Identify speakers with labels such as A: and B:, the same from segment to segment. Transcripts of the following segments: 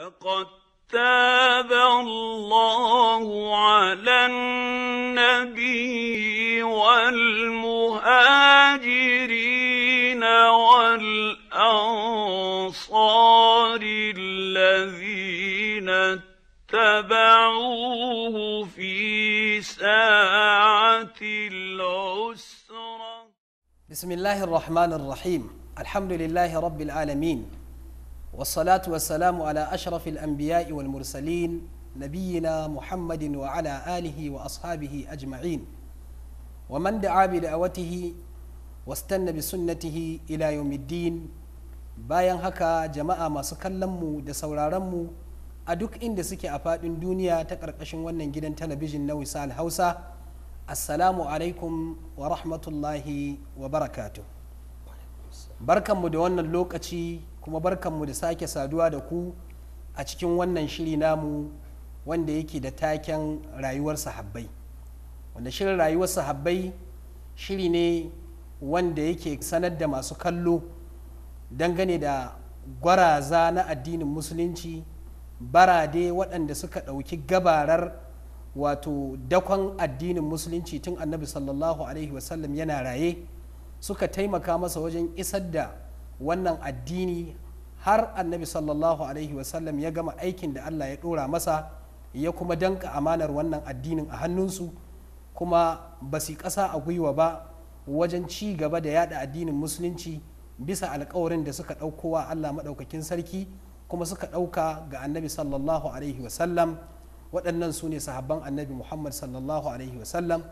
A: لقد تاب الله على النبي والمهاجرين والأنصار الذين اتبعوه في
B: ساعة العسرة بسم الله الرحمن الرحيم الحمد لله رب العالمين والصلاة والسلام على أشرف الأنبياء والمرسلين نبينا محمد وعلى آله وأصحابه أجمعين ومن دعا بدعوته واستنى بسنته إلى يوم الدين bayan haka jama'a masu kallon mu da sauraron mu a duk inda suke a faɗin duniya ta ƙarƙashin wannan gidan talabijin na wisal hausa assalamu alaikum wa rahmatullahi wa barkan barkanmu da wannan lokaci kuma barkanmu da sake saduwa da ku a cikin wannan shiri namu wanda yake da taken rayuwar sahabbai wanda shirin rayuwar sahabbai shiri ne wanda yake sanar da masu kallo dangane da gwaraza na addinin musulunci barade waɗanda suka ɗauki gabarar wato dakon addinin musulunci tun annabi sallallahu alaihi wasallam yana raye suka taimaka masa wajen isar da wannan addini har annabi sallallahu alaihi wasallam ya gama aikin da allah ya ɗora masa ya kuma danka amanar wannan addinin a hannunsu kuma ba su ƙasa a gwiwa ba wajen ci gaba da yada addinin musulunci bisa alkawarin da suka ɗaukowa allah maɗaukakin sarki kuma suka ɗauka ga annabi sallallahu alaihi wasallam waɗannan su ne sahabban annabi muhammad sallallahu alaihi wasallam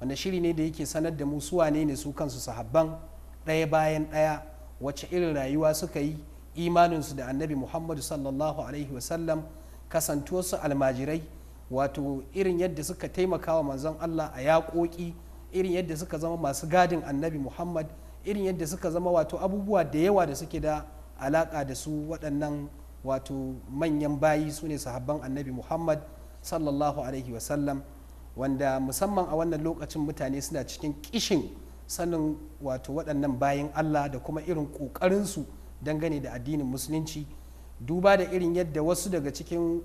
B: wanda shiri ne da yake sanar da mu suwa ne ne su kansu sahabban ɗaya bayan ɗaya wace irin rayuwa suka yi imaninsu da annabi muhammadu sallallahu alaihi wasallam kasanto su almajirai wato irin yadda suka taimaka wa manzon allah a yaƙoƙi irin yadda suka zama masu gadin annabi muhammad irin yadda suka zama wato abubuwa da yawa da suke da alaƙa da su waɗannan wato manyan bayi su ne sahabban annabi muhammad sallallahu alaihi wasallam wanda musamman a wannan lokacin mutane suna cikin kishin sanin wato waɗannan bayan allah da kuma irin ƙoƙarinsu dangane da addinin musulunci duba da irin yadda wasu daga cikin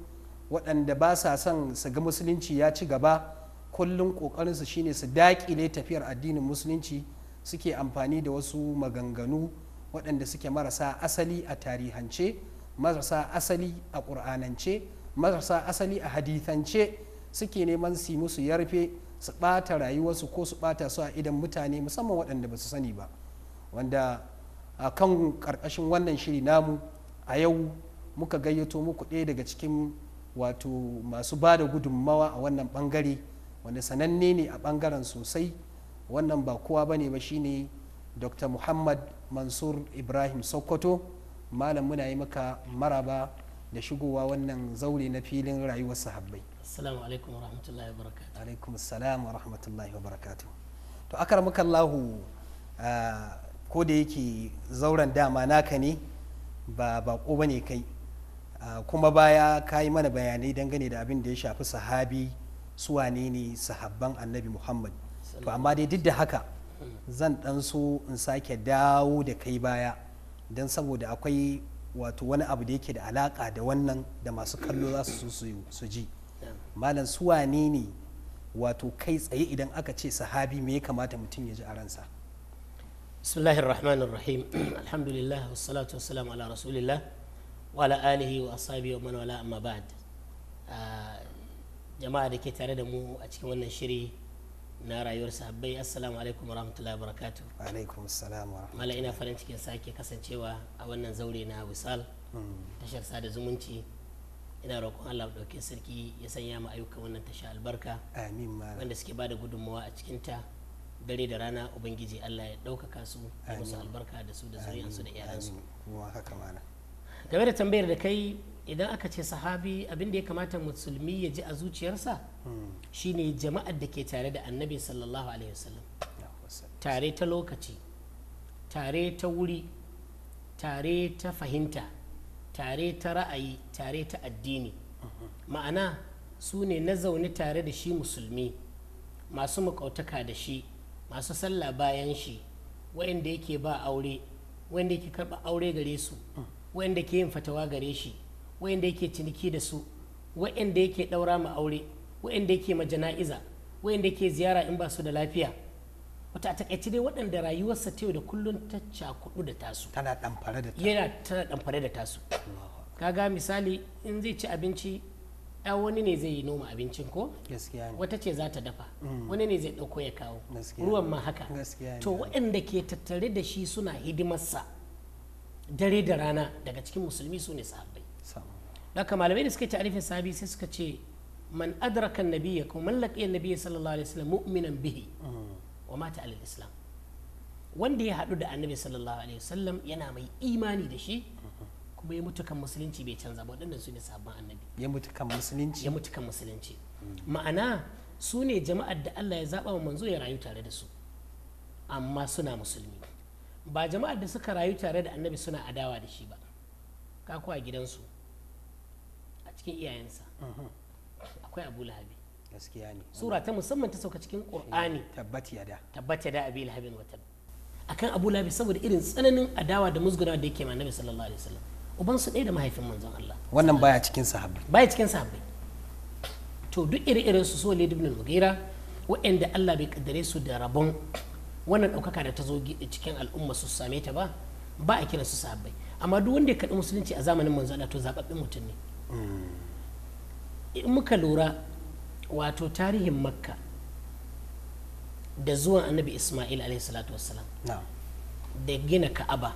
B: waɗanda ba sa son su ga musulunci ya ci gaba kullum ƙoƙarinsu shine su daƙile tafiyar addinin musulunci suke amfani da wasu maganganu waɗanda suke marasa asali a tarihance marasa asali a ƙur'anance marasa asali a hadithance suke neman su musu yarfe su ɓata rayuwarsu ko su ɓata su a idan mutane musamman waɗanda ba su sani ba wanda a kan ƙarƙashin wannan shiri namu a yau muka gayyato muku ɗaya daga cikin wato masu ba da gudunmawa a wannan ɓangare wanda sananne ne a ɓangaren sosai wannan ba kowa ba ne ba shine dr muhammad mansur ibrahim sokoto malam muna yi maka maraba da shigowa wannan zaure na filin rayuwar sahabbai
A: assalamu alaikum wa rahmatullahi wa barakatuh alaikum
B: assalam wa rahmatullahi wa to akramaka Allahu ah, ko da yake zauren dama naka ne ba bako bane kai ah, kuma baya ka yi mana bayanai dangane da abin da ya shafi sahabi su wanene ne sahabban annabi muhammad to amma dai duk da haka hmm. zan dan so in sake dawo da kai baya don saboda akwai wato wani abu da yake da alaka da wannan da masu kallo za su so su ji malam su ne wato kai tsaye idan aka ce sahabi me ya kamata mutum ya ji a ransa bismillahir rahmanir
A: rahim alhamdulillah wassalatu wassalamu ala rasulillah wa ala alihi wa ashabihi wa man wala amma ba'd ah, jama'a da ke tare da mu a cikin wannan shiri na rayuwar sahabbai assalamu alaikum warahmatullahi wabarakatuh alaikum assalam mala ina farin cikin sake kasancewa a wannan zaure na wisal mm. tashar sada zumunci ina roƙon Allah ɗaukin sarki ya sanya mu ayyukan wannan tasha albarka amin wanda suke bada gudunmawa a cikin ta dare da rana ubangiji Allah ya ɗaukaka su ya musu albarka da su da su da su kuma haka mana game da tambayar da kai idan aka ce sahabi abin da ya kamata musulmi ya ji a zuciyarsa hmm. shine jama'ar da ke tare da annabi sallallahu alaihi wasallam tare ta lokaci tare ta wuri tare ta fahimta tare ta ra'ayi tare ta addini ma'ana su ne na zaune tare da shi musulmi masu makautaka da shi masu sallah bayan shi wa'inda yake ba aure wa'inda yake karɓa aure gare su wa'inda ke yin fatawa gare shi wa'inda yake ciniki da su wa'inda yake ɗaura ma aure wa'inda yake ma jana'iza wa'inda yake ziyara in ba su da lafiya wata a takaice dai waɗanda rayuwarsa ta yau da kullum ta cakudu da tasu tana ɗamfare da tasu yana tana ɗamfare da tasu kaga misali in zai ci abinci ya wani ne zai yi noma abincin ko wata ce za ta dafa mm. wani ne zai ɗauko ya kawo ruwan ma haka to waɗanda ke tattare da shi suna hidimarsa dare da rana daga cikin musulmi su ne sahabbai haka malamai da suka ci arifin sahabi sai suka ce man adraka nabiya ko mallakiyar laqiya nabiyya sallallahu alaihi wasallam mu'minan bihi mm. wa mata alal wanda ya haɗu da annabi sallallahu alaihi wasallam yana mai imani da shi kuma ya mutu kan musulunci bai canza ba waɗannan su ne sabon annabi ya mutu kan musulunci ya mutu kan musulunci ma'ana su ne jama'ar da Allah ya zaɓa wa manzo ya rayu tare da su amma suna musulmi ba jama'ar da suka rayu tare da annabi suna adawa da shi ba kakuwa gidansu a cikin iyayensa akwai abu lahabi gaskiya ne sura ta musamman ta sauka cikin qur'ani eh, tabbati yada tabbati yada abi lahabin wa tab akan abu labi saboda irin tsananin adawa da musguna da yake ma nabi sallallahu alaihi wasallam uban su ɗaya da mahaifin manzon Allah
B: wannan baya cikin sahabbai
A: baya cikin sahabbai to duk iri irin su so ibn al-mughira waɗanda Allah bai kaddare su da rabon wannan ɗaukaka da ta zo cikin al'umma su same ta ba ba a kira su sahabbai amma duk wanda ya kaɗi musulunci a zamanin manzo Allah to zababbin mutum ne mm. in muka lura wato tarihin makka da zuwan annabi ismail a.s. da gina ka'aba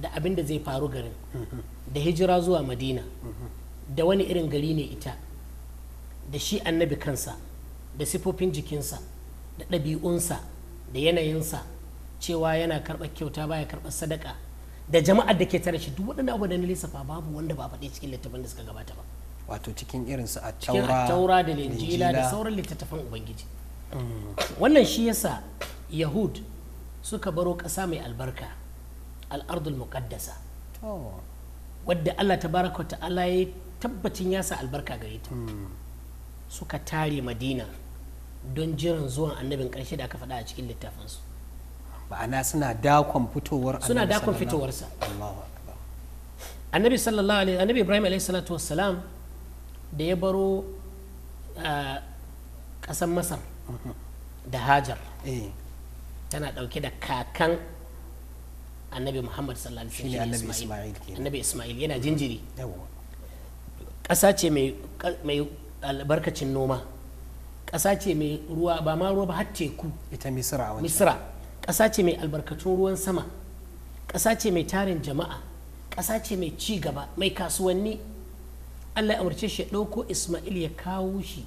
A: da abin da zai faru garin mhm. da hijira zuwa madina mhm. da wani irin gari ne ita da shi annabi kansa da sifofin jikinsa da ɗabi'unsa da yanayinsa cewa yana karɓar kyauta baya karɓar sadaka da jama'ar da ke tare shi duk waɗannan abu da na lissafa babu wanda ba faɗi cikin littafin da suka gabata ba
B: wato cikin irinsu a taura da linjila da sauran
A: littattafan ubangiji mm. wannan shi yasa yahud suka baro ƙasa mai albarka al'ardul muqaddasa wadda allah ta tabaraka ta'ala ya tabbacin yasa albarka gare ta mm. suka tare madina don jiran zuwan annabin ƙarshe da aka faɗa a cikin littafinsu
B: Ba'ana suna dakon fitowar suna dakon fitowarsa
A: annabi sallallahu alaihi annabi ibrahim alaihi salatu wassalam da ya baro ƙasar masar da hajar eh. tana ɗauke da kakan annabi muhammad sallallahu alaihi wasallam annabi ismail yana jinjiri ƙasa ce mai albarkacin noma ƙasa ce mai ruwa ba ma ruwa ba har teku ita misra a misra ƙasa ce mai albarkatun ruwan sama ƙasa ce mai tarin jama'a ƙasa ce mai ci gaba mai kasuwanni Allah ya umarce shi ya ɗauko Ismail ya kawo shi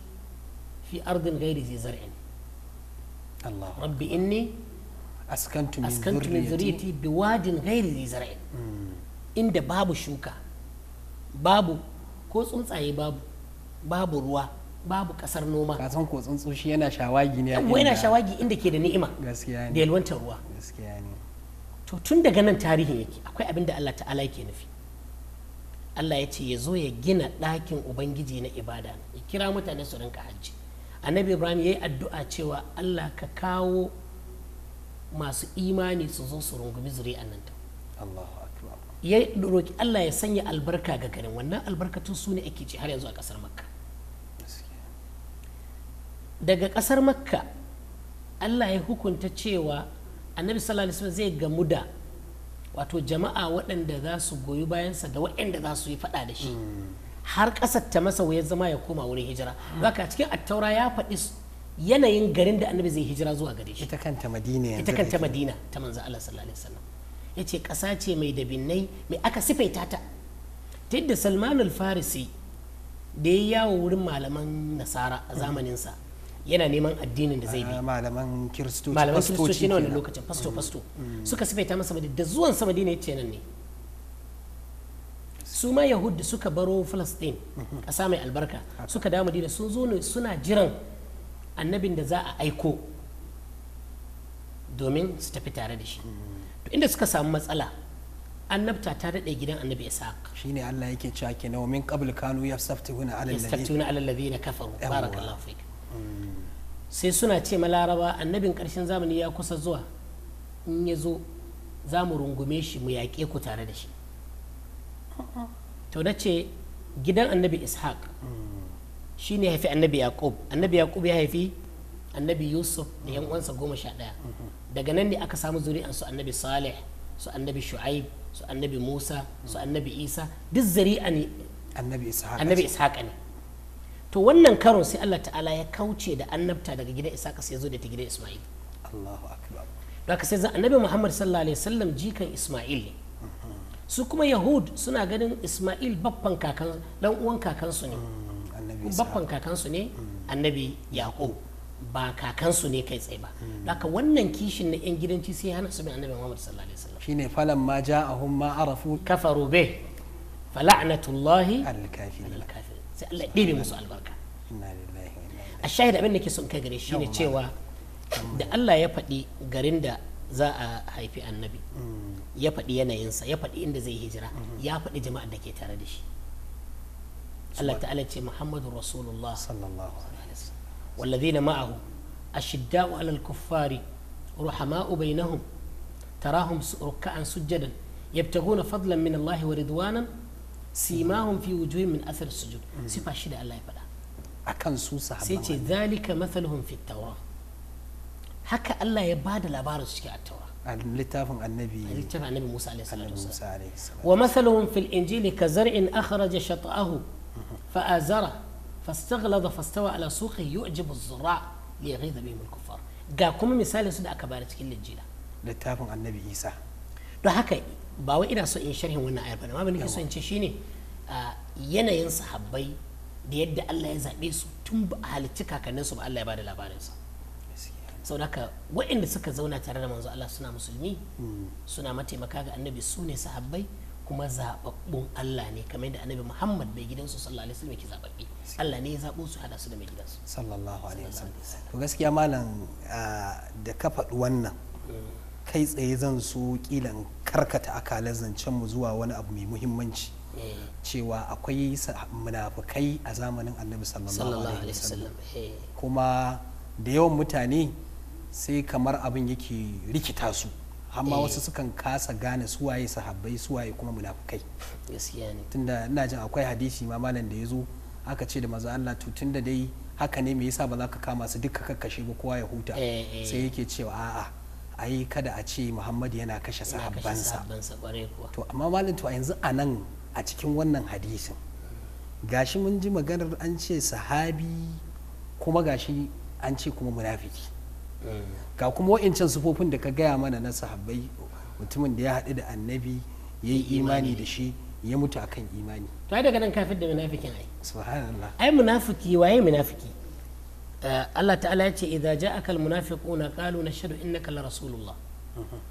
A: fi ardin gairi zai zar'i Allah rabbi inni askantu min zuriyati bi wadin gairi zai zar'i hmm. inda babu shuka babu ko tsuntsaye babu babu ruwa babu kasar noma ka san ko tsuntsu shi yana shawagi ne amma yana shawagi inda ke da ni'ima gaskiya ne da yalwantar ruwa gaskiya ne to tun daga nan tarihin yake akwai abin da Allah ta'ala yake nufi Allah ya ce ya zo ya gina ɗakin ubangiji na ibada ya kira mutane su rinka hajji annabi ibrahim ya yi addu'a cewa Allah ka kawo masu imani su zo su rungumi a nan ta ya roki Allah ya sanya albarka ga garin wannan albarkatun su ne ake ce har yanzu a ƙasar makka daga ƙasar makka Allah ya hukunta cewa annabi sallallahu alaihi wasallam zai gamu da wato jama'a waɗanda za su goyi bayansa da waɗanda za su yi faɗa da shi har ƙasar ta masa wayar zama ya koma wurin hijira hmm. ka cikin attaura ya faɗi yanayin garin da annabi zai hijira zuwa gare shi ita kanta madina ita kanta madina ta manzo Allah sallallahu alaihi wasallam yace ƙasa ce mai dabinnai mai aka sifaita ta ta yadda Salman al-Farisi da ya yawo wurin malaman nasara a hmm. zamaninsa yana neman addinin da zai bi ah, malaman kiristoci malaman kiristoci na wannan lokacin fasto fasto mm. mm. suka sifaita masa da zuwan sa madina yace nan ne su ma yahud da suka baro filistin mm-hmm. ƙasa mai albarka ah. suka dawo madina sun zo ne suna jiran annabin da za a aiko domin su tafi tare da shi mm. to inda suka samu matsala annabta ta daɗe gidan annabi ishaq shine Allah yake cewa ke nawa min qabl kanu yastaftihuna ala alladhina kafaru barakallahu fik sai suna ce ma annabin karshen zamani ya kusa zuwa in ya zo za mu rungume shi mu yaƙe ku tare da shi to na ce gidan annabi ishaq shi ne haifi annabi yaqub annabi yaqub ya haifi annabi yusuf da yan uwansa goma sha ɗaya daga nan ne aka samu zuri'an su annabi salih su annabi shu'aib su annabi musa su annabi isa duk zari'a annabi ishaq ne to wannan karon sai Allah ta'ala ya kauce da annabta daga gidan isaka sai ya zo da ta gidan isma'il Allahu akbar da aka sai zan annabi Muhammad sallallahu alaihi wasallam jikan isma'il mhm. su kuma yahud suna ganin isma'il babban kakan dan uwan kakansu ne mm, babban kakansu ne mm. annabi yaqub ba kakansu ne kai tsaye ba mm. aka wannan kishin na yan gidanci sai hana su bin annabi Muhammad sallallahu alaihi wasallam shine falan ma ja'ahum ma arafu kafaru bih fala'natullahi al-kafirin sai Allah ya ɗebe musu albarka a shahid abin da ke son kai gare shi ne cewa da Allah ya faɗi garin da za a haifi annabi
B: mm.
A: ya faɗi yanayinsa ya faɗi inda zai hijira mm-hmm. ya faɗi jama'ar da ke tare da shi Allah ta'ala ce Muhammadu Rasulullah sallallahu alaihi wasallam والذين معه أشداء على الكفار رحماء بينهم تراهم ركعا fadlan min allah من الله simahum fi wujuhin min athar sujud sifa shida Allah ya faɗa akan su sahabban sai ce zalika haka Allah ya bada labarin su cikin at-taura
B: littafin annabi
A: littafin annabi Musa alaihi
B: salatu
A: wa mathaluhum fil injili ka shat'ahu fa azara فاستغلظ فاستوى على سوقه يعجب الزراع ليغيظ بهم الكفار ga kuma misalin su da aka bayar cikin lijjila littafin annabi isa haka ba wai ina so in sharhin wannan ayar ba amma abin so in ce shine yanayin sahabbai da yadda Allah ya zaɓe su tun ba halicci kakannin su ba Allah ya bada labarinsa sau da ka waɗanda suka zauna tare da manzo Allah suna musulmi suna mataimaka ga annabi su ne sahabbai kuma zababbun Allah ne kamar yadda annabi Muhammad bai gidansu sallallahu alaihi wasallam yake zababbe Allah ne ya zabo su hada su da mai gidansu sallallahu alaihi wasallam
B: to gaskiya malam da ka faɗi wannan mm. kai tsaye zan so kilan karkata akalar zancen mu zuwa wani abu mai muhimmanci eh. cewa akwai munafukai a zamanin annabi sallallahu alaihi wasallam eh. kuma da yawan mutane sai kamar abin yake rikita su amma eh. wasu sukan kasa gane suwaye sahabbai suwaye kuma munafukai tunda ina jin akwai hadisi ma malam da ya zo aka ce da maza Allah to tunda dai haka ne me yasa ba za ka kama su duka kakkashe ba kowa ya huta sai yake cewa a'a ai kada a ce muhammadu yana kashe sahabbansa to amma malin to a yanzu a nan a cikin wannan hadisin gashi mun ji maganar an ce sahabi kuma gashi an ce kuma munafiki
A: mm.
B: ga kuma wa'incan sufofin da ka gaya mana na sahabbai mutumin da ya haɗu da annabi ya yi imani da shi ya mutu akan imani
A: to ai daga nan kafin da munafikin ai subhanallah ai munafiki waye munafiki Allah ta'ala ya ce idza ja'aka almunafiquna qalu nashhadu innaka la rasulullah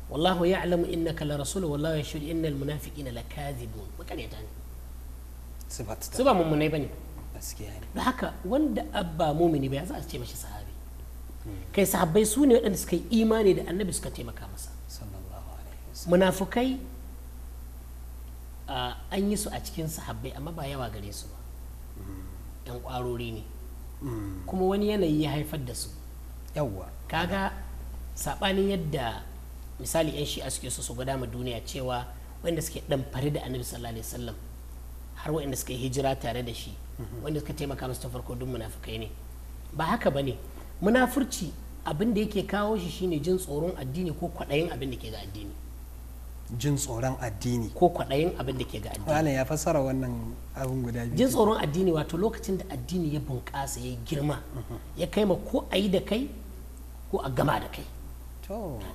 A: wallahu ya'lamu innaka la rasul wallahu yashhadu innal munafiqina lakazibun makareta ne su ba mummunai bane gaskiya ne da haka wanda abba mumini ba za a ce mashi sahabi kai sahabbai su ne waɗanda suka yi imani da annabi suka taimaka masa munafukai an yi su a cikin sahabbai amma ba yawa gare su ba yan ƙwarori ne kuma wani yanayi ya haifar da su yawwa kaga sabanin yadda misali yan shi'a suke so su gwada ma duniya cewa wanda suke dan fari da annabi sallallahu alaihi wasallam har wanda suka hijira tare da shi mhm. wanda suka taimaka musu ta farko duk munafikai ne ba haka bane munafurci abin da yake kawo shi shine jin tsoron addini ko kwaɗayin abin da ke ga addini jin tsoron addini ko kwaɗayin abin da ke ga addini malam ya fassara wannan abin guda biyu jin tsoron addini wato lokacin da addini ya bunƙasa ya girma ya kai ma ko a yi da kai ko a gama da kai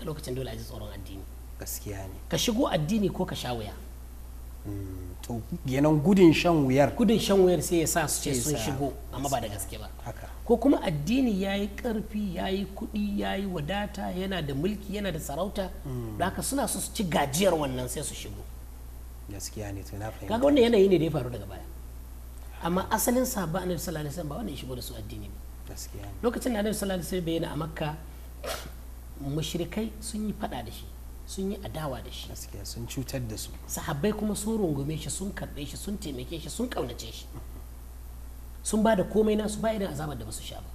A: lokacin dole a ji tsoron addini gaskiya ne ka shigo addini ko ka sha wuya to yanan gudun shan wuyar gudun shan wuyar sai ya sa su ce sun shigo amma ba da gaske ba ko kuma addini ya yi ƙarfi ya yi kuɗi ya yi wadata yana da mulki yana da sarauta mm. da haka suna so su ci gajiyar wannan sai su shigo
B: gaskiya ne to na fahimta
A: kaga wannan yanayi ne da ya faru daga baya amma asalin sahabba annabi sallallahu alaihi wasallam ba wanda ya shigo da su addini ba gaskiya lokacin da annabi sallallahu alaihi wasallam bayyana a makka mushrikai sun yi fada da shi sun yi adawa da shi gaskiya sun cutar da su sahabbai kuma sun rungume shi sun karɓe shi sun taimake shi sun ƙaunace shi sun ba da komai nasu ba irin azabar da ba su sha ba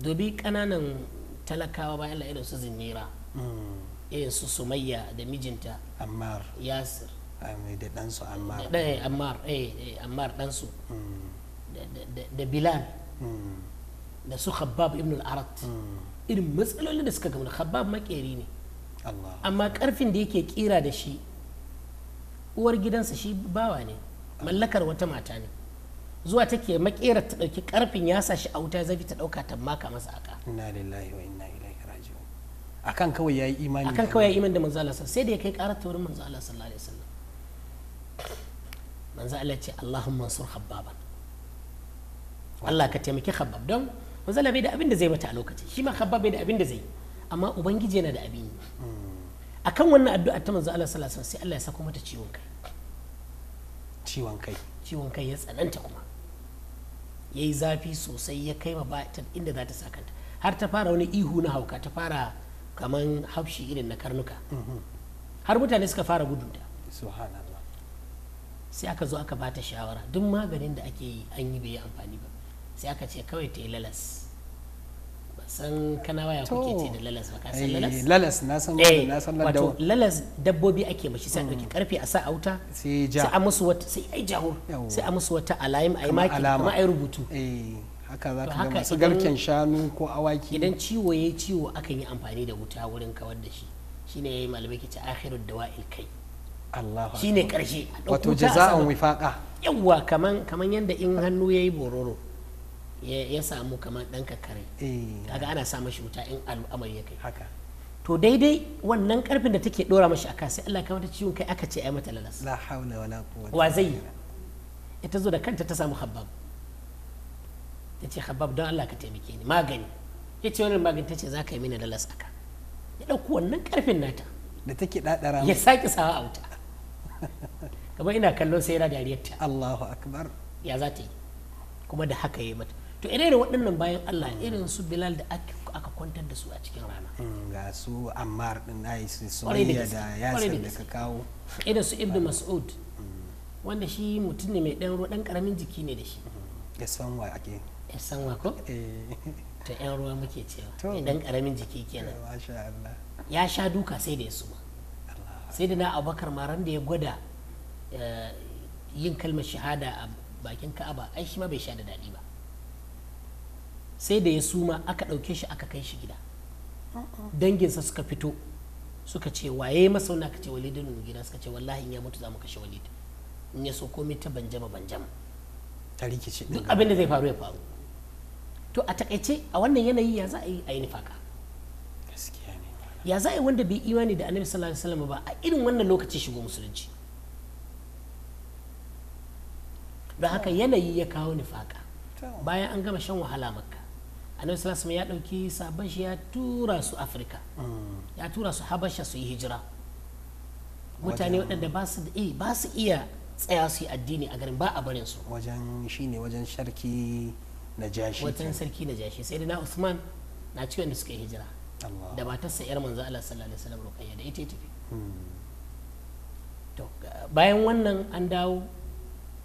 A: dobi ƙananan talakawa bayan la irin su zinnira hmm. irin su sumayya da mijinta ammar yasir
B: da ɗansu ammar
A: ammar eh, eh hmm. da bilal hmm. da su khabbab ibn al-arat irin matsalolin da suka gamu khabbab makeri ne amma karfin da yake kira da shi uwar gidansa shi bawa ne mallakar wata mata ne zuwa take makera ta dauki karfin ya sa shi a wuta zafi ta dauka ta maka masa aka inna lillahi wa inna ilaihi raji'un akan kawai yayi imani akan kawai yayi imani da manzo Allah sai da ya kai karar wurin manzo Allah sallallahu alaihi wasallam manzo Allah ce Allahumma sur habbaban Allah ka taimaki habab don manzo Allah bai da abin da zai mata a lokaci shi ma habab bai da abin da zai yi amma ubangiji yana da abin yi akan wannan addu'a ta manzo Allah sallallahu alaihi sai Allah ya sako mata ciwon kai ciwon kai ciwon kai ya tsananta kuma yayi zafi sosai ya kai ba ta inda za ta ta har ta fara wani ihu na hauka ta fara kaman hafshi irin na karnuka mhm. har mutane suka fara gudu da sai aka zo aka bata shawara duk maganin da ake yi an yi bai yi amfani ba sai aka ce kawai ta yi lalas san kanawa ya kuke ce da lalas ba ka san eh, lalas lalas na san wanda eh, na san lalas wato lalas dabbobi ake mashi sai mm. ɗauki karfe a sa a wuta sai ja sai a musu wata sai ai jaho sai a musu wata alayim ai maki kuma ai rubutu
B: eh haka za ka ga masu garken shanu ko awaki idan
A: ciwo yayi ciwo akan yi amfani da wuta wurin kawar da shi shine yayi malamai ke ce akhirud dawa'il kai Allah shine karshe wato jaza'an wifaqa yawa kaman kaman yanda in hannu yayi bororo ya samu kamar ɗan kakare eh. kaga ana sa mashi wuta in al'amari ya kai haka to daidai wannan karfin da take dora mashi aka sai Allah ka mata ciwon kai aka ce ai mata lalas la hawla wala quwwata wa zai ita zo da kanta ta samu habbab ta ce habbab don Allah ka taimake ni magani ya ce wannan magani ta ce za ka yi mini lalas aka ya ɗauko wannan karfin nata da take ɗaɗara ya saki sawa a wuta kamar ina kallon sai yana dariyarta Allahu akbar ya za ta yi kuma da haka ya yi mata to irin waɗannan bayan Allah irin su Bilal da aka kwantar da su a cikin rana
B: mm, ga su Ammar din su Sumayya da Yasir da ka kawo
A: irin su Ibn Mas'ud mm. wanda shi mutum ne mai ɗan ruwa ɗan ƙaramin jiki ne da shi mm. ya san wa ake ya san wa ko eh. to ƴan ruwa muke cewa dan karamin jiki kenan ya sha duka sai da ya suma sai da na abubakar maran da ya gwada eh, yin kalmar shahada a bakin ka'aba ai shi ma bai sha da daɗi ba sai da ya suma aka ɗauke shi aka kai shi gida danginsa suka fito suka ce waye masauna ka ce walidin gida suka ce wallahi in ya mutu za mu kashe walid in ya so komai ta banjama banjama ta rikice duk abin da zai faru ya faru to a takaice a wannan yanayi ya za a yi a yi nifaka ya za a yi wanda bai imani da annabi sallallahu alaihi wasallam ba a irin wannan lokaci shigo musulunci don haka yanayi ya kawo nifaka bayan an gama shan wahala makka annabi sallallahu alaihi ya dauki sabon shi ya tura su afirka hmm. ya tura su habasha su yi hijira mutane waɗanda ba su eh ba su iya tsaya su yi addini a garin ba a barin su wajen shine wajen sarki najashi wajen sarki najashi sai da na usman na ciwon da suka yi hijira da matarsa yar manzo Allah sallallahu alaihi wasallam rukayya da ita tafi hmm. to bayan wannan an dawo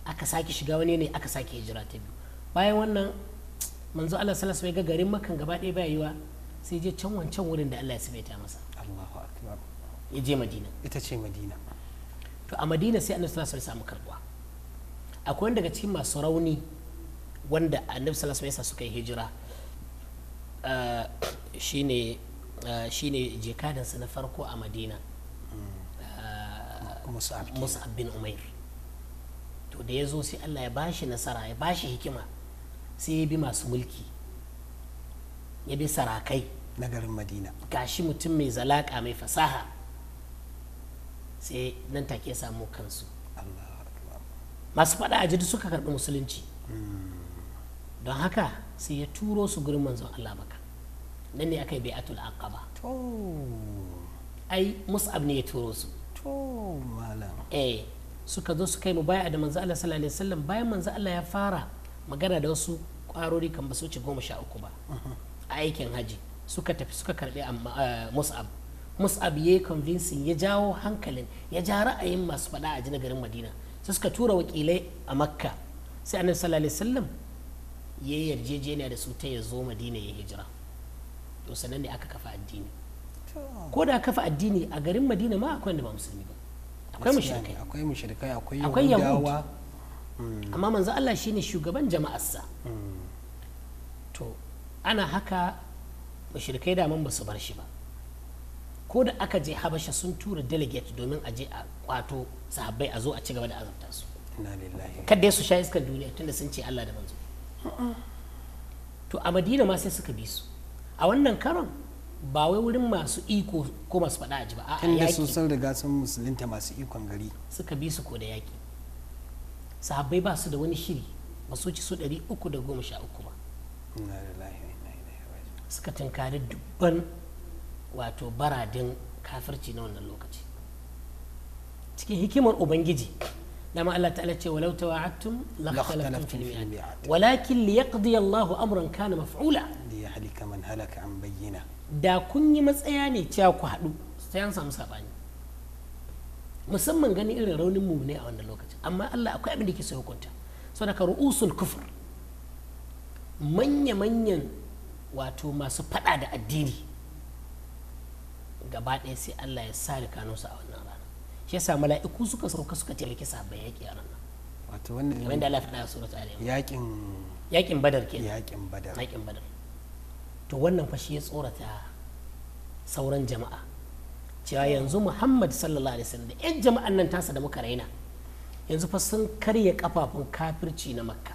A: aka sake shiga wani ne aka sake hijira ta biyu bayan wannan manzo Allah sallallahu alaihi ga garin makan gaba ɗaya bai yiwa sai je can wancan wurin da Allah ya sabaita masa Allahu akbar ya je Madina ita ce Madina to a Madina sai Annabi sallallahu alaihi wasallam karbuwa akwai wanda daga cikin masu rauni wanda Annabi sallallahu alaihi wasallam suka yi hijira ah, shine ah, shine sa na farko a Madina ah, Mus'ab bin Umair to da ya zo sai Allah ya bashi nasara ya bashi hikima sai ya bi masu mulki ya bi sarakai na garin madina gashi mutum mai zalaka mai fasaha sai nan take samu kansu masu faɗa ajiyar suka karɓi musulunci hmm. don haka sai ya turo su gurin manzon Allah baka nan ne aka yi bai'atul aqaba to ai mus'ab ne ya turo su eh suka zo su kai mu baya da manzon Allah sallallahu alaihi wasallam bayan manzon Allah ya fara magana da wasu kwarori kan ba su wuce goma sha uku ba a aikin haji suka tafi suka karbi eh, mus'ab mus'ab ya yi convincing ya jawo hankalin ya ja ra'ayin masu faɗa a jina garin madina sai suka tura wakilai a makka sai annabi sallallahu alaihi wasallam ya yi yarjejeniya da su ta ya zo madina ya hijira to sanan ne aka kafa addini ko da kafa addini a garin madina ma akwai wanda ba musulmi ba akwai mushrikai akwai mushrikai akwai yahudawa Hmm. amma manzo Allah shine shugaban jama'arsa hmm. to ana haka mushrikai da mun basu bar shi ba ko da aka je habasha sun tura delegate domin a je a kwato sahabbai a zo a ci gaba da azabta su kada su sha iskar duniya tunda sun ce Allah da manzo to a madina ma sai suka bi su a wannan karon ba wai wurin masu iko ko masu faɗa a ji ba a yaki tunda sun san
B: riga sun musulunta masu ikon gari
A: suka bi su ko da yaki sahabbai ba su da wani shiri ba su ci su 313 ba suka tunkari dubban wato baradin kafirci na wannan lokaci cikin hikimar ubangiji dama Allah ta'ala ce walau tawa'attum lakhtalaftum fil mi'ad walakin liyaqdi Allahu amran kana maf'ula
B: liyahlika man halaka an
A: bayyina da kun yi matsaya ne cewa ku haɗu sai an samu sabani musamman gani irin raunin mu ne a wannan lokacin amma Allah akwai abin da yake sai hukunta ka ru'usul kufr manya manyan wato masu fada da addini gaba ɗaya sai Allah ya sare kanunsu a wannan rana shi yasa mala'iku suka sauka suka taimaki sabbin yaƙi a ranar wato wannan kamar da Allah faɗa a surat al yaƙin yaƙin badar ke yaƙin badar yaƙin badar to wannan fa shi ya tsorata sauran jama'a cewa yanzu muhammad sallallahu alaihi wasallam da yan jama'an nan tasa da muka raina yanzu fa sun karya kafafun kafirci na makka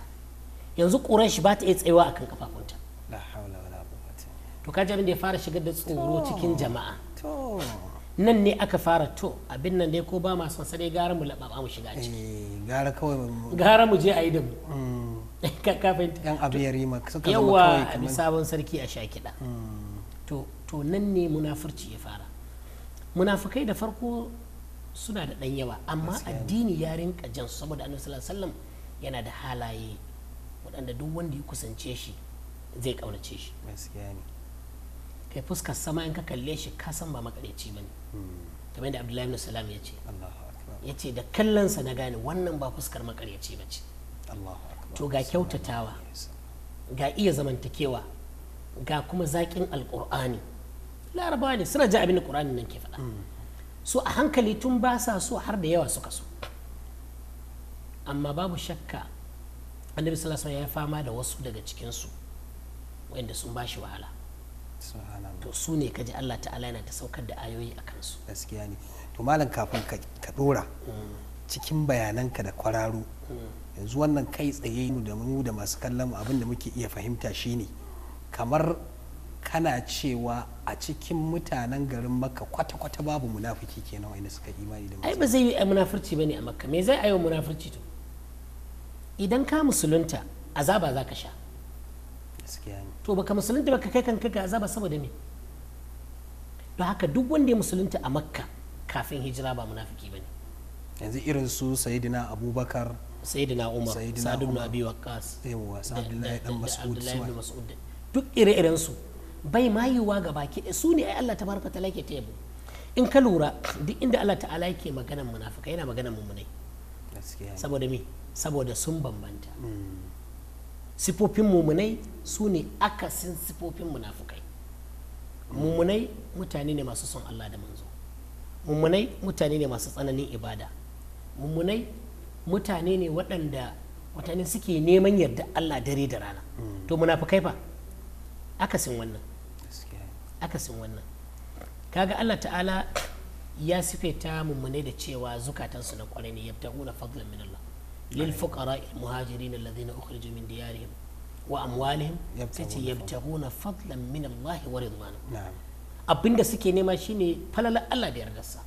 A: yanzu quraish ba ta iya tsayawa akan kafafunta to kaji abin da ya fara shigar da tsoro cikin jama'a nan ne aka fara to abin nan dai ko ba ma son sai gara mu laba mu shiga ciki eh,
B: gara kawai gara mu je
A: a yi da mu mm. kafin yan abu ya rima suka zama kawai yawa sabon sarki a sha kiɗa
B: mm.
A: to nan ne munafurci ya fara munafukai da farko suna da ɗan yawa amma addini ya rinka jan saboda annabi sallallahu alaihi yana da halaye waɗanda duk wanda ya kusance shi zai kaunace shi kai fuskar sama in ka kalle shi ka san ba makareci ba ne hmm. kamar yadda abdullahi ibn salam ya ce ya ce da kallonsa na gane wannan ba fuskar makareci ba ce to ga kyautatawa ga iya zamantakewa ga kuma zaƙin alƙur'ani laraba ne suna ji abin da ƙur'ani nan ke faɗa so a hankali tun ba sa so har da yawa suka so amma babu shakka annabi sallallahu alaihi ya fama da wasu daga cikinsu wanda sun ba shi wahala to su ne kaji Allah ta'ala yana ta saukar da ayoyi a kansu gaskiya ne to malam kafin
B: ka dora cikin bayananka da kwararo yanzu wannan kai tsaye da mu da masu kallon mu abin da muke iya fahimta shine kamar kana cewa a cikin mutanen garin makka kwata-kwata babu munafiki kenan wanda suka imani
A: da ai ba zai yi munafurci bane a makka me zai ayo munafurci to idan ka musulunta azaba za ka sha to baka musulunta baka kai kanka ga azaba saboda me don haka duk wanda ya musulunta a makka kafin hijira ba munafiki bane
B: yanzu irin su sayyidina abubakar sayyidina umar sa'ad ibn abi waqqas yawa sa'ad ibn mas'ud
A: duk ire-iren su bai ma yiwuwa ga baki su ne ai Allah tabaraka ta'ala yake ta yabo in ka lura duk inda Allah ta'ala yake maganan munafika yana maganan mummunai saboda mi saboda sun bambanta hmm. sifofin mummunai su ne akasin sifofin munafukai hmm. mummunai mutane ne masu son Allah da manzo mummunai mutane ne masu tsananin ibada mummunai mutane ne waɗanda mutane suke neman yarda Allah dare da rana hmm. to munafukai fa akasin wannan akasin wannan kaga Allah ta'ala ya ta mummune da cewa zukatansu na kwarai ne yabtaguna fadlan min Allah lil fuqara al muhajirin alladhina ukhriju min diyarihim wa amwalihim ta ce yabtaguna fadlan min Allah wa ridwana abinda suke nema shine falalar Allah da yardarsa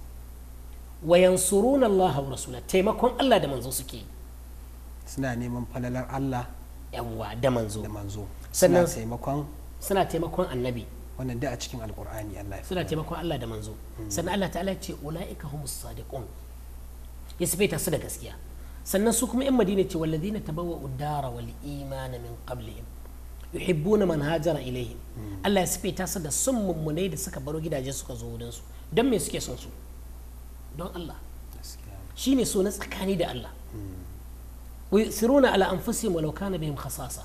A: wa yansuruna Allah wa rasula taimakon Allah da manzo suke suna neman falalar Allah yawwa da manzo da manzo Suna taimakon suna taimakon annabi wannan da a cikin alkur'ani Allah suna taimakon Allah da manzo hmm. sannan Allah ta'ala ya ce ulaika humus sadiqun ya sifaita su da gaskiya sannan su kuma yan madina ce walladina tabawwa'u dara wal imana min qablihim yuhibbuna man hajara ilaihim hmm. Allah ya sifaita su da sun mummunai da suka baro gidaje suka zo wurin su don me suke son su don Allah shine so na tsakani da Allah hmm. wa yusiruna ala anfusihim walau kana bihim khasasa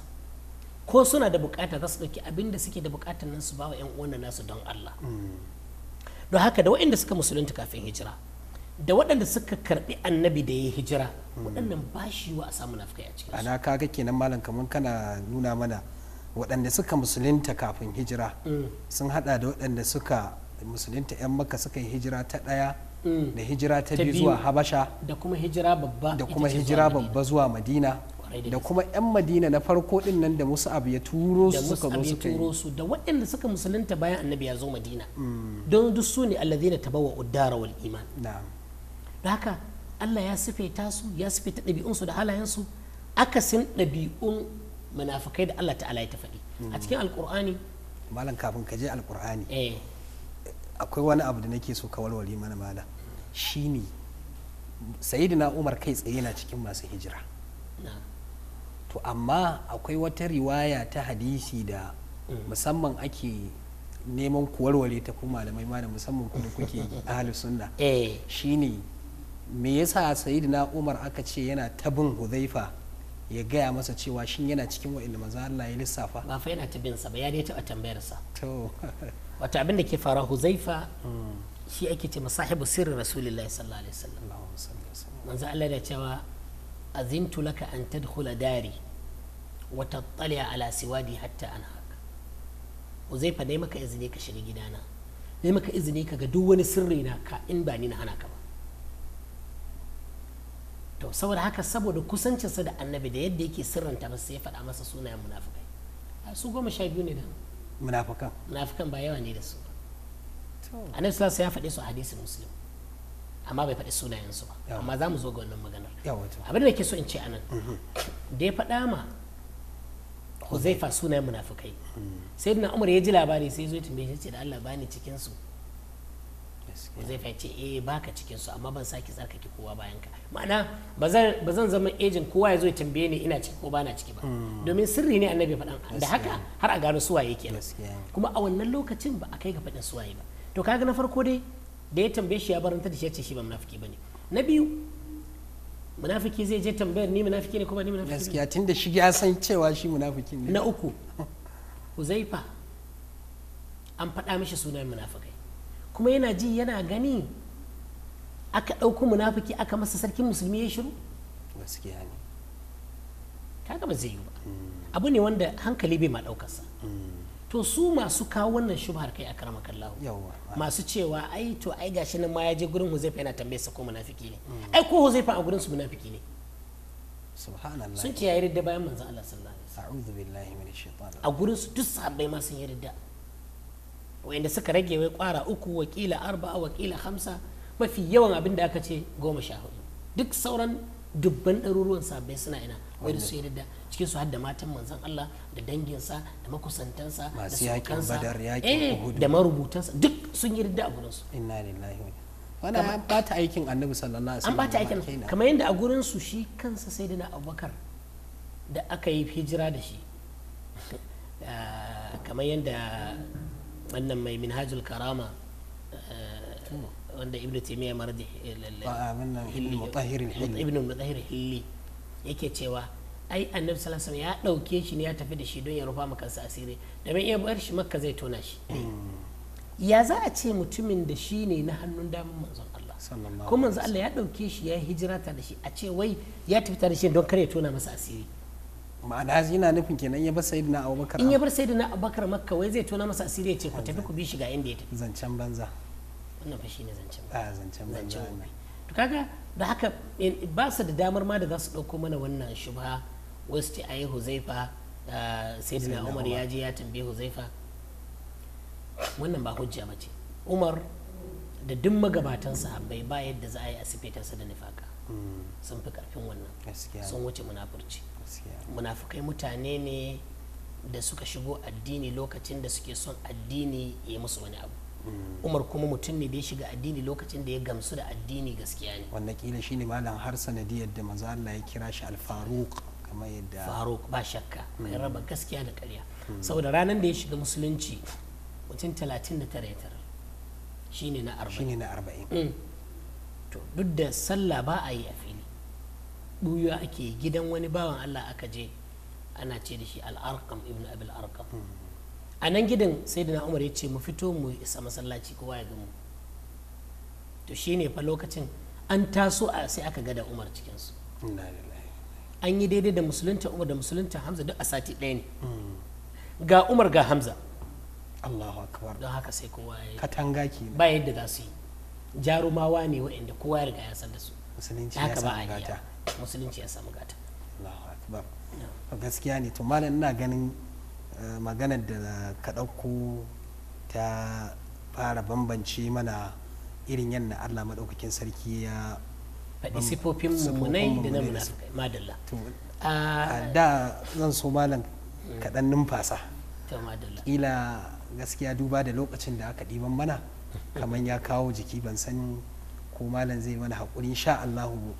A: ko suna da bukata za su ɗauki abin da suke da bukatar nan su bawa 'yan uwan nasu don Allah mm. don haka da waɗanda suka musulunta kafin hijira da waɗanda suka karɓi annabi da ya hijira mm. waɗannan ba shi wa a samu nafikai a cikin ana kaga
B: kenan malam kamar kana nuna mana waɗanda suka musulunta kafin hijira mm. sun hada da waɗanda suka musulunta 'yan maka suka yi hijira ta ɗaya da hijira ta biyu zuwa habasha
A: da kuma hijira babba da kuma hijira
B: babba zuwa madina da kuma 'yan madina na farko din nan da musu abu ya turo su suka zo
A: suka da waɗanda suka musulunta bayan annabi ya zo madina mm. don duk su ne allazina tabawa uddara wal iman da haka Allah ya sifaita su ya sifaita ɗabi'unsu da halayensu akasin ɗabi'un munafikai da Allah ta'ala ya ta faɗi a mm. cikin alkur'ani
B: malam kafin ka je alkur'ani eh. akwai wani abu da nake so ka walwale mana shi shine sayyidina umar kai tsaye na cikin masu hijira to amma akwai wata riwaya ta hadisi da mm. musamman ake neman kuwarware ta ku malamai ma da musamman ku da kuke ahalus sunna eh. shine me yasa sayyidina umar aka ce yana tabin huzaifa ya gaya masa
A: cewa shin yana cikin wa'inda maza Allah ya lissafa ba fa yana tabin sa ba ya dai taba tambayar sa to wato abin da ke fara huzaifa mm, shi ake ce masahibu sirri rasulullahi sallallahu alaihi wasallam manzo Allah da cewa azintu laka an dari wa tattali ala siwadi hatta an haka uzaifa ne maka izini ka shiga gidana ne maka izini ka ga duk wani sirri na ka in ba ni na hana ka ba to saboda haka saboda kusancinsa da annabi da yadda yake sirranta ba sai ya faɗa masa sunayen munafukai su goma sha biyu munafukan ba yawa da su ya faɗe su a hadisin amma bai faɗi sunayensu ba amma za mu zo ga wannan maganar abin da ke so in ce anan mm-hmm. da ya faɗa ma huzaifa sunayen munafukai mm. sai na umar ya ji labari sai zo ya tambaye da allah bani cikin su huzaifa ya ce eh baka cikin su amma ban sake tsarkake kowa bayan ka ma'ana ba zan zama ejin kowa ya zo ya tambaye ni ina ciki ko bana ciki ba mm. domin sirri ne annabi faɗan da haka har a gano suwaye kenan kuma a wannan lokacin ba a kai ga faɗin suwaye ba to kaga na farko dai da ya tambaye shi ya baranta da shi ya ce shi ba munafiki bane na biyu munafiki zai je tambayar ni munafiki ne kuma ni munafiki gaskiya tunda shi ya san cewa shi munafiki ne na uku huzaifa an faɗa mishi sunan munafikai kuma yana ji yana gani aka ɗauko munafiki aka masa sarkin musulmi ya shiru gaskiya ne kaga ba zai yi ba mm. abu ne wanda hankali bai ma ɗaukarsa mm. to su masu kawo wannan shubhar kai akrama kallahu masu cewa ai to ai gashi nan ma ya je gurin huzaifa yana tambaye sa ko munafiki ne ai ko huzaifa a gurin su munafiki ne subhanallah sun ce ya yarda bayan manzon Allah sallallahu alaihi wasallam a'udhu billahi minash shaitani a gurin su duk sahabbai ma sun yarda wanda suka rage wai kwara uku wakila arba'a wakila hamsa mafi yawan abin da aka ce goma sha hudu duk sauran dubban ɗaruruwan sahabbai suna ina wai da su yarda cikin su hadda matan manzan Allah da danginsa da makusantansa da sa eh, da marubutansa duk sun yarda a gurin su inna lillahi wannan an bata aikin annabi sallallahu alaihi wasallam an bata aikin kamar yanda a gurin su shi kansa sayyidina abubakar da aka yi hijira da shi ah, kamar yanda wannan mai minhajul karama ah, wanda ibnu taymiya marji eh, ah, hilli ibnu mutahhir hilli yake cewa ai annabi sallallahu ya dauke shi ne ya tafi da shi don ya rufa maka asiri domin iya bar shi makka zai tona shi ya za a ce mutumin da shi ne na hannun daman manzon Allah ko manzon Allah ya dauke shi ya hijira ta da shi a ce wai ya tafi tare da shi don kar ya tona masa asiri ma'ana yana nufin kenan ya bar sayyidina Abubakar in ya bar sayyidina Abubakar makka wai zai tona masa asiri ya ce ku tafi ku bi shi ga inda ya tafi zancen banza wannan fa shine ah, zancen banza zancen banza to kaga da haka ba su da damar ma da za su ɗauko mana wannan shubha wasu ce ayi huzaifa ah, sayyidina umar ya je ya tambaye huzaifa wannan ba hujja ba ce umar da duk magabatan sahabbai ba yadda za a yi asibitarsa da nifaka hmm. sun fi karfin wannan sun wuce munafurci munafukai mutane ne da suka shigo addini lokacin da suke son addini ya musu wani abu umar kuma mutum ne da ya shiga addini lokacin da ya gamsu da addini gaskiya ne
B: Wannan kila shine malam har sanadiyar da maza Allah ya kira shi al-faruq kamar yadda faruk
A: ba shakka mai hmm. raba gaskiya da ƙarya. Hmm. saboda ranar da ya shiga musulunci mutum 39 shine na 40 shine na 40 hmm. to duk da sallah ba a yi a fili buyo ake gidan wani bawan Allah aka je ana ce da shi al-arqam ibnu abul arqam a nan gidan sai da umar ya ce mu fito mu isa masallaci kowa ya gamu to shi ne fa lokacin an taso a sai aka gada umar cikinsu an yi daidai da musulunta umar da musulunta hamza duk a sati ɗaya ne hmm. ga umar ga hamza allahu akbar don haka sai kowa ya katanga ke ba yadda za su yi jarumawa ne waɗanda kowa ya riga ya san da su musulunci ya samu gata musulunci ya samu gata allahu
B: akbar gaskiya ne to malam ina ganin maganar da ka ɗauko ta fara bambance mana irin yadda allah maɗaukakin sarki ya faɗi sifofin mummunai da na
A: madalla ah, da
B: zan so malam kaɗan numfasa Ila gaskiya duba da lokacin da aka ɗiban mana kamar ya kawo jiki ban san ko malam zai mana haƙurin sha allahu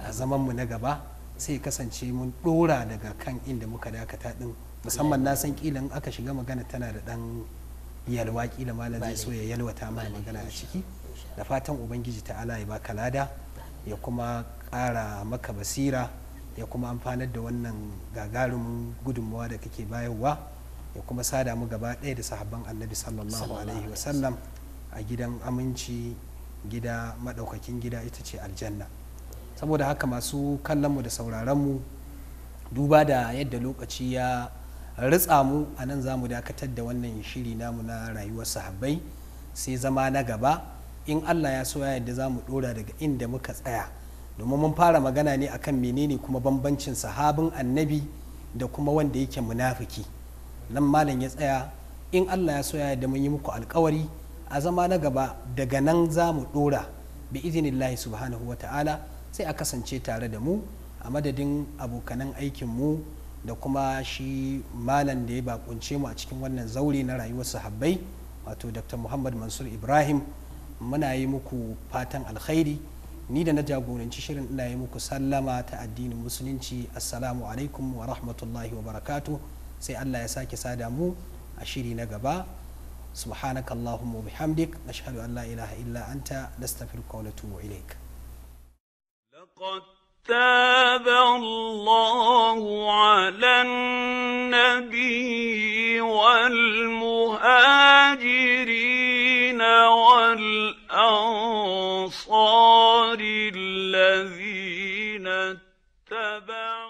B: a zamanmu na gaba sai kasance mun ɗora daga kan inda muka dakata ɗin musamman na san kila aka shiga magana tana da dan yalwa kila malam zai so ya yalwata mana magana a ciki da fatan ubangiji ta ala ya baka lada ya kuma ƙara maka basira ya kuma amfanar da wannan gagarumin gudunmawa da kake bayarwa ya kuma sada mu gaba ɗaya da sahabban annabi sallallahu alaihi wasallam a gidan aminci gida maɗaukakin gida ita ce aljanna saboda haka masu kallonmu da sauraronmu duba da yadda lokaci ya ritsa mu a nan za mu dakatar da wannan shiri namu na rayuwar sahabbai sai zama na gaba in allah ya so ya yadda za mu dora daga inda muka tsaya domin mun fara magana ne akan menene kuma bambancin sahabin annabi da kuma wanda yake munafiki nan malam ya tsaya in allah ya so ya yadda mun yi muku alkawari a zama na gaba daga nan za mu dora bi izinillahi subhanahu wa ta'ala sai a kasance tare da mu a madadin abokanan aikin mu da kuma shi malam da ya bakunce mu a cikin wannan zaure na rayuwar sahabbai wato dr muhammad mansur ibrahim muna yi muku fatan alkhairi ni da na jagoranci shirin ina yi muku sallama ta addinin musulunci assalamu alaikum wa rahmatullahi wa barakatu sai allah ya sake sada mu a shiri na gaba subhanakallahumma wa bihamdik nashhadu an la ilaha illa anta nastaghfiruka wa natubu ilaik
A: تاب الله على النبي والمهاجرين والأنصار الذين اتبعوا